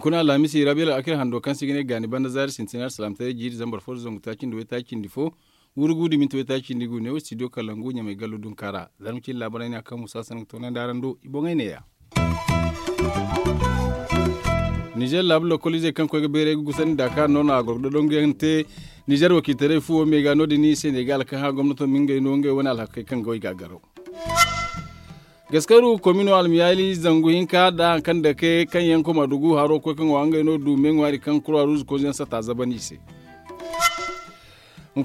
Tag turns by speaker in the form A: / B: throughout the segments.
A: kuna lamisi rabiul akir hando kan sigine gani banda zar sintinar salamta jiri zambar for zongu takin do takin difo gudi min tobe taki ndigu ne o studio kalangu nyame galu dun kara zanmu labarai ne akan musa sanin tonan daran do ibongai ne ya niger lablo kolije kan koyga bere gusani daka non a gordo don gente niger waki tare fu o mega no ni senegal kan ha gomnato minga no wona wani alhakai kan goy gagaro gaskaru komino almiyali zangu hinka da kan da ke kan yanko madugu haro ko kan wanga no du wari kan kura ruz ko jansa sata zabani se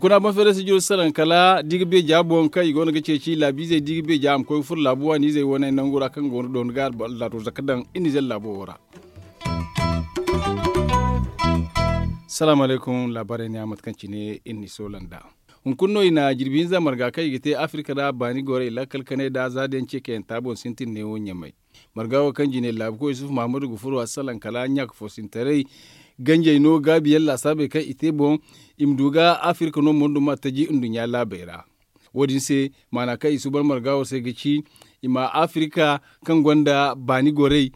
A: kuna ban fere sijo saran kala digbe jabon kai gona gace ci labi zai digbe jam ko fur labuwa ni zai wani nan gura kan gona don gar la to zakadan ini zai labo wora salamu alaikum labarai ne matkanci ne inni solanda hunkunno ina jirbinza marga kai gite afirka da bani gore ila kalkane da zaden ce kayan tabon sintin ne wonya mai margawa kan jine labko yusuf mahmudu gufuru asalan kala nyak fo sintarai ganje no gabi yalla sabe kai ite bon imduga afirka no mondu mataji undunya labera wadin se mana kai su bar margawa sai gici ima afrika kan gwanda bani gorei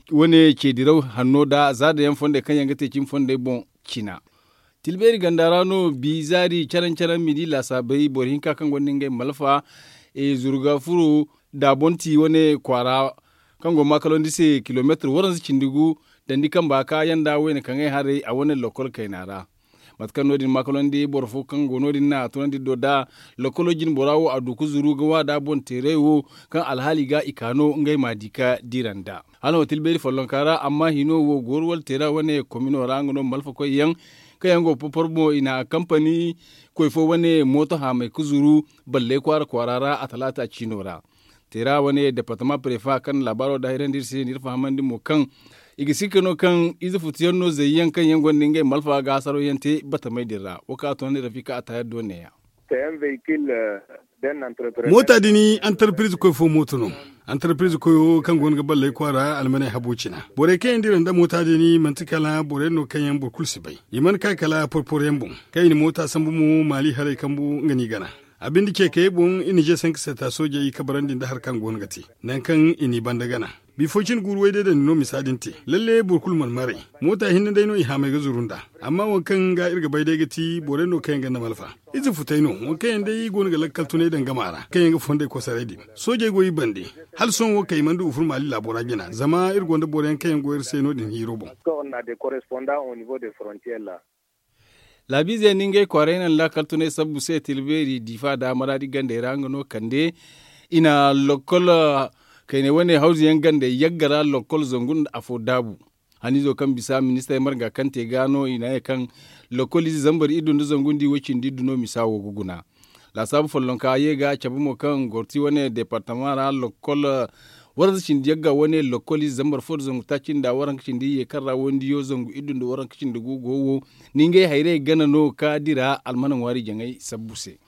A: ke dirau hannu da zada yan fonde kan yanga tekin fonde bon kina tilberi gandarano bizari charan charan midi la sabai borin ka kan gwanda ngai malfa e zurga furu da bonti wani kwara kan gomma kalondi se kilometer waran cindigu dandi kan ba ka yanda wani kan ngai a wone lokol kainara kan nodin makalondi borfo kan nodin na tonandi do da lokolojin borawo a duku zuru gawa da bon terewo kan alhali ga ikano ngai madika diranda hana hotel beri kara amma hino wo gorwal tera wane komino rangono malfa ko yang kayango popormo ina kampani fo wane moto ha mai kuzuru balle kwara kwarara a talata cinora tera wane departement prefa kan labaro da hirandir se nirfa hamandi mo kan igisikano kan izi no zayyan kan yangon ningai malfa ga saro yante bata mai dirra wakato ne rafika atayar doneya
B: eh, mota
C: dini entreprise koy fo no entreprise koyo kan gonga ballay kwara habu habucina bore ke indiran da mota dini mantikala bore no kayan kulsi bay iman kakala porporembu ni mota sambu mu mali hare kambu ngani gana abin da ke kai bon ini je san kisa ta soja yi kabaran din da harkan gwamnati nan kan ini banda gana bifocin gurwai da no misalin te lalle burkul marmare mota hinna dai no i hamai ga zurunda amma wankan ga irga bai da gati bore no kayan ga malfa izi futaino wankan yi gona ga lakkal tunai dan gamara kayan ga fonde ko saredi soje goyi bande hal son wo kay mandu ufur mali labora gina zama irgonda bore kayan goyir seno din hirobo
B: ko na de correspondant au niveau des frontières là
A: labise ninge kwarenan lakaltune sabu se tilberi difa da gande rangano kande ina lokol kaine wani hauzi yan gande yaggara lokol zongun afo dabu hanizo kan bisa minista ya marga kan gano ina ya e kan lokol izi zambar idun zongun di wakin di duno misawo guguna la sabu follon ka kan gorti wani departamara ra uh, waran cindi yaga wani lokoli zambar fot zongu tacinda waran cindi ye karra wani yo zongu idunde waran cindi go gowo ninge haire gana no ka dira almanan wari jangai sabuse.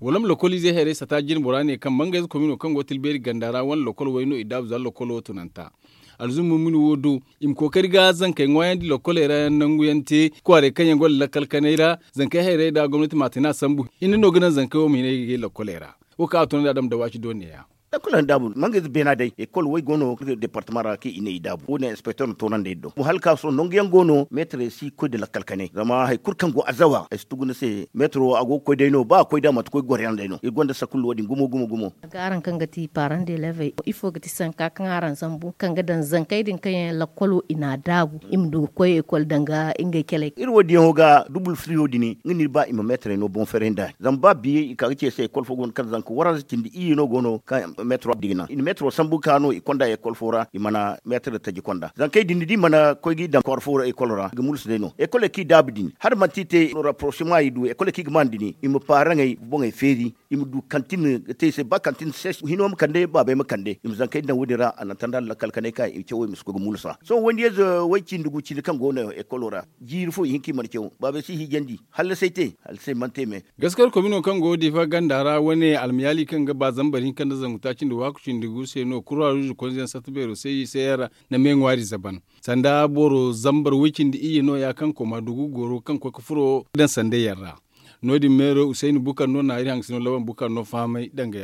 A: walam lokoli zai hayre sata jin ne kan mangaz komino kan gotil beri gandara wan lokol wayno idab zal lokolo tunanta alzumu minu wodo im kokari ga zan kai ngoyan di lokol era nan te. kware kan yangol lakal kanaira zan kai haire da gwamnati matina sambu inno gana zan kai wo mine ge lokole ra o ka
D: tun da adam da wachi doniya dakulan dabu mangi bena dai kol way gono departement ra ke ine dabu ne inspecteur no tonan dai do mu halka so non gen gono maître si ko de la kalkane zama hay kurkan go azawa estuguna se maître ago ko dai no ba ko da mat ko goren dai no e gonda sakul wadi gumo gumo gumo
E: garan kan gati paran de leve il faut gati san ka kan aran bu kan gadan zan kai din kan la kolo ina dabu im du e kol danga inga kele
D: ir wodi hoga double free wodi ngini ba im maître no bon ferenda zamba bi ka ce se kol fo gon kan zan ko waran tindi i no gono kan metro digna in metro sambu kano i konda e kolfora i mana metre taji konda zan kay dindi di mana ko gi dan korfora e kolora gumul sdeno e kole ki dabdin har matite no rapprochement du e kole ki gmandini i mo parangay bonga feri im du kantin te se ba kantin ses hino mu kande ba be mu kande im zan kai dan wudira anan tanda la kalkane ka im ce wai misko mulsa so wani yazo wai kin dugu ci kan gona e kolora jiri fo hinki man kewo ba be si jandi hal sai te hal sai man te me
A: gaskar komino kan go di fa gandara wani almiyali kan ga ba zambari kan da zanguta cin da waku cin dugu sai no kurwa ruju konzen satubero sai sai yara na wari zaban sanda boro zambar wikin di iya no ya kan koma dugu goro kan ko kufuro dan sande yarra noidi mero usaini boucar no ari hangsino lawan bukano no famay ɗanga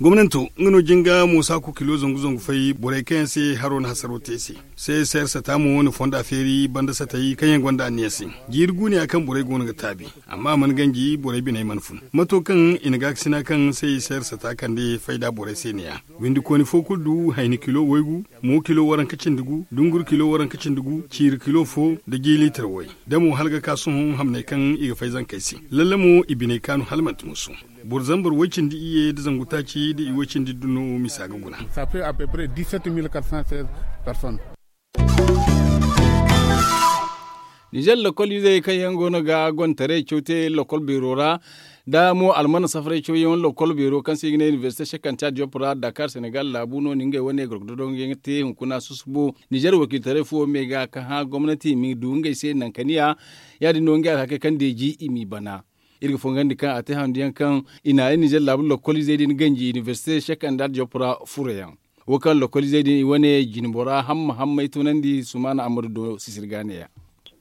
C: gwamnatu ngano jinga musa ku kilo zungu zungu fai burai kayan se harona hasaro tese sai sayar sa tamu wani fonda feri banda sa tayi kanyan gwanda niyasi girgu ne akan burai gona ga tabi amma man gangi bore binai manfun matokan kan inaga sina kan sai sayar sa ta kan da faida burai sai ne ya windi koni fo kudu haini kilo waigu mu kilo waran kacin dugu dungur kilo waran kacin dugu cir kilo fo da gilitar wai da mu halga kasun hamne kan iga faizan kaisi lallamu ibine kanu halma mat musu bor wakin di iye da zanguta ce da wakin di
B: duno
A: misa ga guna ça a à peu
B: près 17416 personnes
A: nigel lokol yuze kai yango na ga gontare chote lokol birora da mu almana safare cho yon lokol biro kan signe university shekan ta jopra dakar senegal labu no ninge wani gordodo ta te hunkuna susbu nijar wakil tare mai ga kan ha gwamnati mi dunge se nankaniya ya dino nge ka kan deji imi bana irga fongandi kan ate handiyan kan ina ini jel labu lokoli zaidin ganji university shekan dar fure fureyan wakan lokoli din iwane jinbora hamma hamma nandi sumana
B: amadu do ya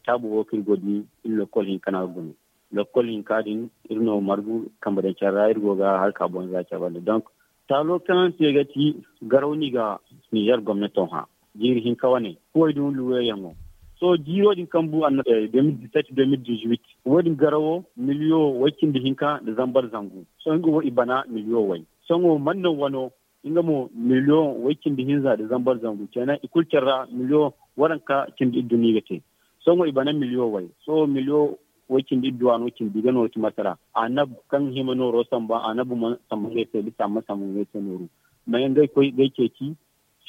B: tabu wakil godi in lokol hin kana gumi lokol hin kadin irno margu kambadan charra irgo ga har kabon za cha bande donc ta lokan segati garawni ga Niger gwamnatin ha jiri hin kawane ko idun luwe yango so jiro din kambu anna 2017 2018 wani garawo miliyo da hinka da zambar zangu so inga wo ibana miliyo wai sango mannan wano inga mo miliyo da hinza da zambar zangu kenan kira miliyo waranka kindi iduni gate sango ibana miliyo wai so miliyo wakin di no kin bigano no ti masara anab kan himano rosan ba anabu man samun ne sai lissa masamun ne sai noru mayan dai koi dai keki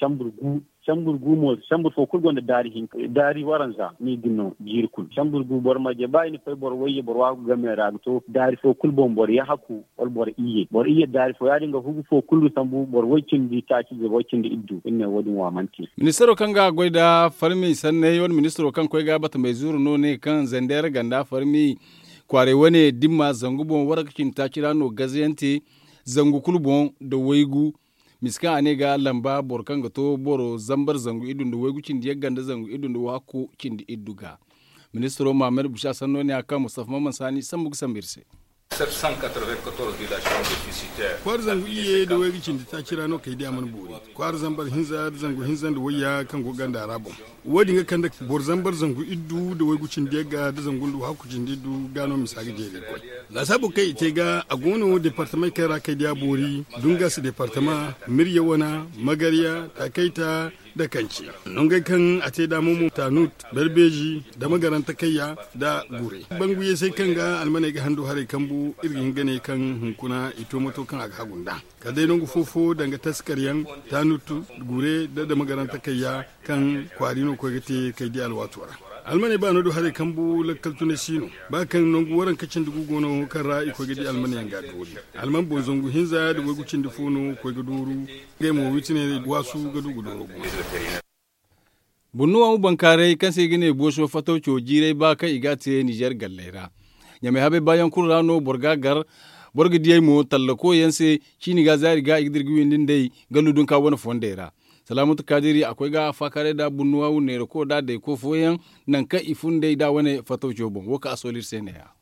B: camburgu camburgu mo chambur fo kulgo nde daari hin daari waranza ni dinno jirkul camburgu bor maje bayni fay bor waye bor waagu gamera to daari fo kulbo bor yahaku ol bor iye bor iye daari fo yadi nga hugu fo kullu sambu bor je taakije di iddu inne wa wamanti
A: ministre o kanga goida farmi sanne yon ministre kan koy ga bata mai zuru no ne kan zender ganda farmi kware wane dimma zangubon bon warakcin takirano gaziyante zangu kulbon da waigu miskan ane ga lamba borkan ga to boro zambar zangu idundu wegu cindi yagganda zangu da wako cindi idduga ministro mamed busha sanno ne aka mustafa mamman sani san sambirse kwar zangu iye da wai rikin da ta
C: kira no kai da man bori kwar zambar hinza zangu hinzan da waya kan gogan da rabon wadi ga kan da bor bar zangu iddu da wai gucin da ga da da haku jin da iddu gano misali da yake kwai la sabu kai ita ga a gono department kai ra kai da bori dunga su department miryawana magariya takaita da kanci ga kan a te damu mu tanut berbeji da magaran takayya da gure banguye sai kan ga almanai ga hando hare kambu irgin gane kan hunkuna ito mato kan aga gunda ka dai nongu fofo danga taskaryan tanut gure da da magaran takayya kan kwarino ko gate kai di alwatuwara almane ba no do hare kambu lakkal tune sino ba kan nongu waran kacin dugu gono kan ra'i ko gidi almane yanga doli alman bo zongu hinza da wegu cin dufono ko guduru
A: gai mo witine wasu gadu guduru bunnuwa u bankare kan se gine boso fato cho jire ba ka igate niger gallera nyame habe bayan kurrano borga gar borga diye mo talla ko yense chini ga zari ga igdir gwiwindin dai galudun ka wona fondera salamatu kadiri akwai ga fakare da bunnuwa ne ko da da ko yan nan ka ifun dai da wani fatau jobon woka asolir sene ya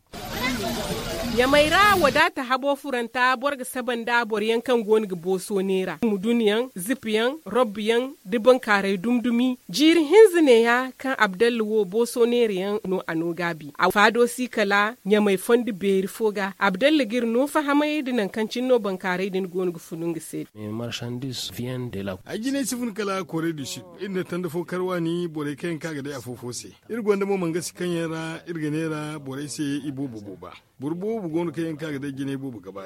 E: da wadata habo furanta borga saban da boryan kan gon boso nera. Muduniyan, zipiyan, robiyan dibin kare dumdumi. Jiri ne ya kan Abdalluwo boso yan no ano gabi. A fado sikala ya mai fondi beri foga. Abdallu gir no fahama yedinan kan ban kare din funun ga gise. Me marchandise vient de la. Ajine sifun kala kore du sud. Inda tanda fo karwa ni bore kan kaga da afofose.
C: Irgonda mo mangasi kan yara irganera bore se ibo bubu ba. gaba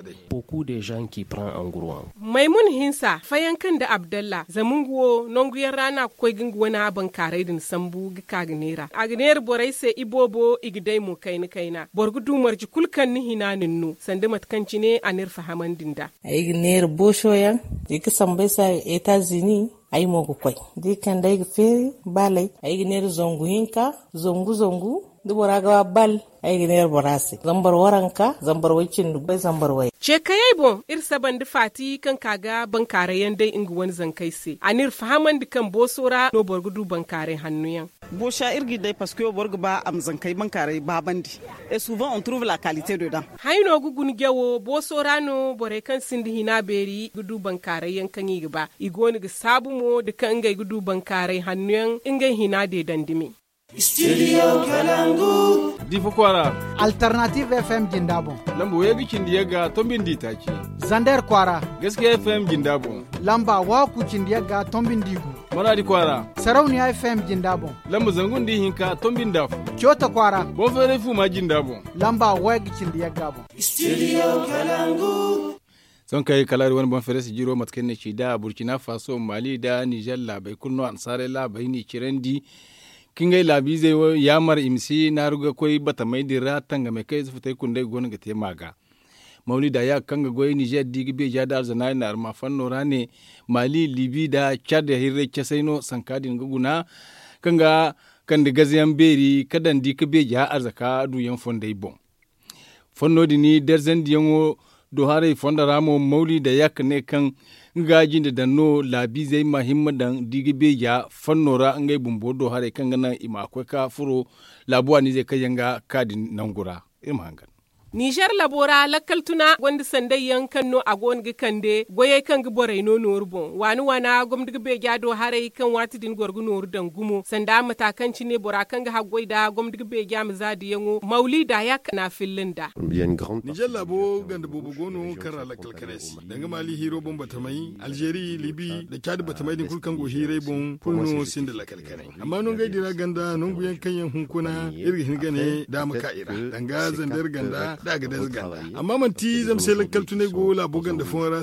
E: dai. Beaucoup de gens qui prend en gros. Maimun Hinsa, fayankan da Abdalla, zamunguwo nonguyar rana ko ginguwa na ban karai din sambu ga kagnera. Agner borai sai ibobo igdai mu kaina kaina. Borgu dumar ji kulkan ni hinanin nu sande matkanci ne a fahaman dinda. Agner bosho yan, jiki sambai sa Etazini, ai mogu kwai. Dikan ga feri balai, agner zongu hinka, zongu zongu, dubora gawa bal ainihin ne zambar waranka zambar wakin dubai zambar wai ce kayai bo saban da fati kan kaga bankare dai ingu wani zankai se anir fahaman da kan bosora no borgudu bankare yan bo sha irgi dai paske yo borgu ba am zankai bankare ba bandi E souvent on trouve la qualité dedans hayno gugun gewo bosora no bore kan sindi hina beri gudu bankare kan yi ba igoni ga sabu mo da kan ngai gudu bankare yan ingai hina de dandimi
D: Studio Kalangu. difu kwara. Alternative FM
A: Gindabo. Lambu ya bikin ga tombin di take.
D: Zandar kwara.
A: gaske FM Gindabo.
D: Lamba waku kin da ya di tombin digu.
A: Maradi kwara.
D: Sarauniya FM Gindabo. Lambu
A: zangun di hinka tombin dafu. Kyota kwara. Bonfere fu ma Gindabo. Lamba wagi kin ga
B: ya Studio Kalangu.
A: son kai kalari wani ban fere jiro matkan ne da burkina faso mali da niger labai kurno ansare labai ni cirendi. kingai labi zai mar imsi na ruga koi bata mai dira ga mai kai zufutai kundai gona ga te maga mauli da ya ga goyi nijiyar digi be da arzana na arma fanno rane mali libi da chad ya hirre no sankadin guguna kanga kan da gaziyan beri kadan di ka be ja arzaka du yan fondai bon fanno dini derzen diyango do hare fonda ramo mauli da yak ne kan ngaji da dano labi zai mahimma dan digibe ya fannora ngai bumbo do hare kan gana ima ka furo labuwa ni zai kayanga kadin nangura im hangan
E: Nijar labora lakal tuna gwandi sandai yan kanno a gongi kande goye kan gi borai no norbon wani wana gwamdi be do harai kan wati din gwargu noru dan gumo sanda matakan ne bora kan ga hagwai da gwamdi be gyam zadi yango da ya kana filin da.
D: Nijar
C: labo ganda bubu gono kara lakal karesi. danga mali hiro bon batamai Algeri Libi da kyadi batamai din kulkan go hirai bon kunu sin da lakkal kanai amma non gaidira ganda nun guyan kanyan hunkuna irgi hingane da muka ira danga zandar ganda ga dazga amma man ti zam kaltu ne go labo ganda fon la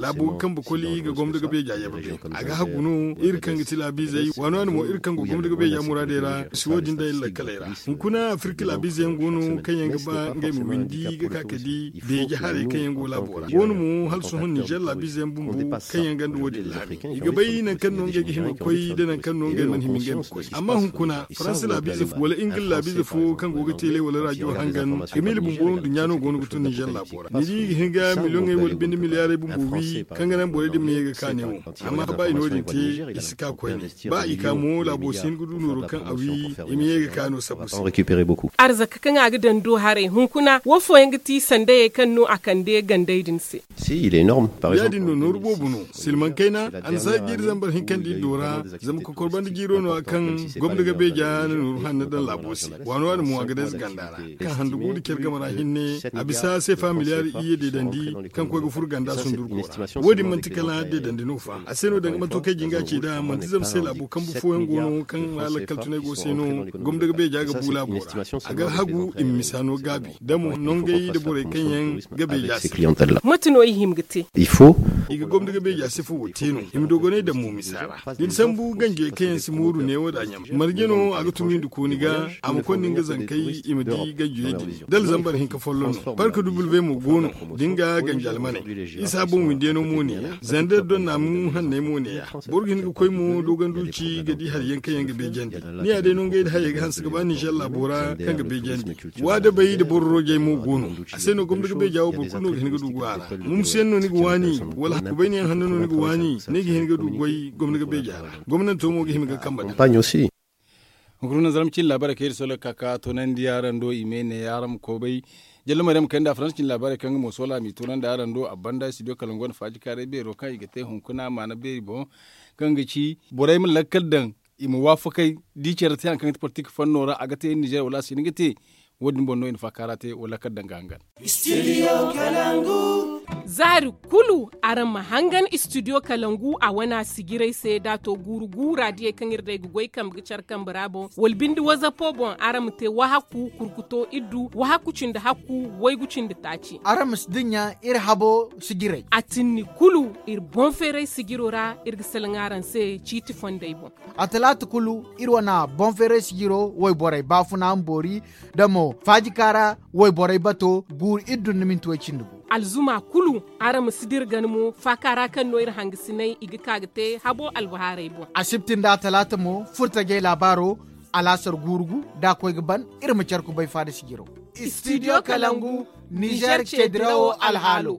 C: labo kan koli ga gomda ga beja ya babe aga haguno irkan ga tilabi zai wano an mo irkan ga gomda ga beja muradera siwojin da illa kalaira kuna afirka labi zai gono kan yanga ba ngai mu windi ga kakadi beja hare kan yango bora gono mu hal su hun la labi zai bumbu kan yanga ndo wodi la ga bai nan kan non ga himi koi da nan kan non ga nan himi ga koi amma hun kuna faransa labi zai wala ingil labi zai fo kan go ga tele wala radio hangan emil bumbu bundu nyanu gonu gutu Niger labora nidi hinga miliyon ngai wal bindi miliyare bumbu wi kangana mbole di ne ga kane mu amma ba ino din te isika ko ne ba ikamo labo sin gudu nuru kan awi imi ga kano sabusi
D: on récupérer beaucoup
E: arzaka kan aga dando hare hunkuna wofo yanga ti sanda ye kan no akande gandai din se
D: si il est énorme par exemple
E: yadin no nuru bobuno
C: silman kaina an sa gir zambar kan di dora zam ko korban di giro no akan gwamnati ga beja nuru hanna dan labosi wano wani mu aga des gandara kan handu gudu gamara hinne a bisa sefa miliyar iye de dandi kan kwa gufur ganda sun durko mantika na de dandi nufa fa a seno daga kai jinga ce da mantizam sai labu kan bu yan gono kan halakal tunai go seno gom daga be jaga bula bora a ga hagu in misano gabi damu gai da bore yan gabe ya matinoyi himgite il faut iga gomdaga be yasi fu tenu ne da mu misara din sambu gange kayan muru ne wada nyam margeno aga tumi du kuniga amkon ninga imi di gaju yedi dal zambar hinka follon barka dubul be mu gono dinga ganjal mane isa mu deno mu ne zande don na mu hanne mu ne burgin ga koy mu dogan duci gadi har yankan yanga be jandi ni no ngai da haye ga hansu gaba ni inshallah bora kan ga be jandi wada bai da borroge mu gono aseno gomdaga be jawo burkuno hinga dugu ala mum no ni gwani wal ubeni an hannu ni
A: gwani ne gi hinga dugwai gwamnati be gyara gwamnati to mo gi hinga kamba tanyo si nguruna zaram cin labara kayir solo kaka to nan di yaran do imene yaram ko bai jallu madam kan da france cin labara kan mo sola mi to nan da yaran do abanda si do kalangon faji kare be ro kan igate hunkuna mana be bo kan gici borai mun lakkal dan imu wafakai di cera tiyan kan politik fannora agate niger wala sinigate wodin bonno in fakarate wala kaddan gangan
E: studio kalangu zari kulu aran mahangan studio kalangu a wana sigirai sai da to guru gura die kan irde gugoi kam gicar kan brabo walbindi waza pobon aram te wahaku kurkuto idu wahaku cin haku wai gucin da taci aram sdinya ir habo sigirai atinni kulu ir bon fere sigirora ir gisalangaran sai citi fondai bon
D: atalat kulu ir wana bon fere sigiro wai borai bafuna ambori damo fajikara wai borai bato gur idu nimin tuwe cindugu
E: alzuma kulu ara misidir ganmo fakara kan noir hangsinai igi habo albahare bo
D: asibtin da talata mo furta ge labaro alasar gurgu da koy gaban irma charku bay fada sigiro studio kalangu niger chedrao alhalo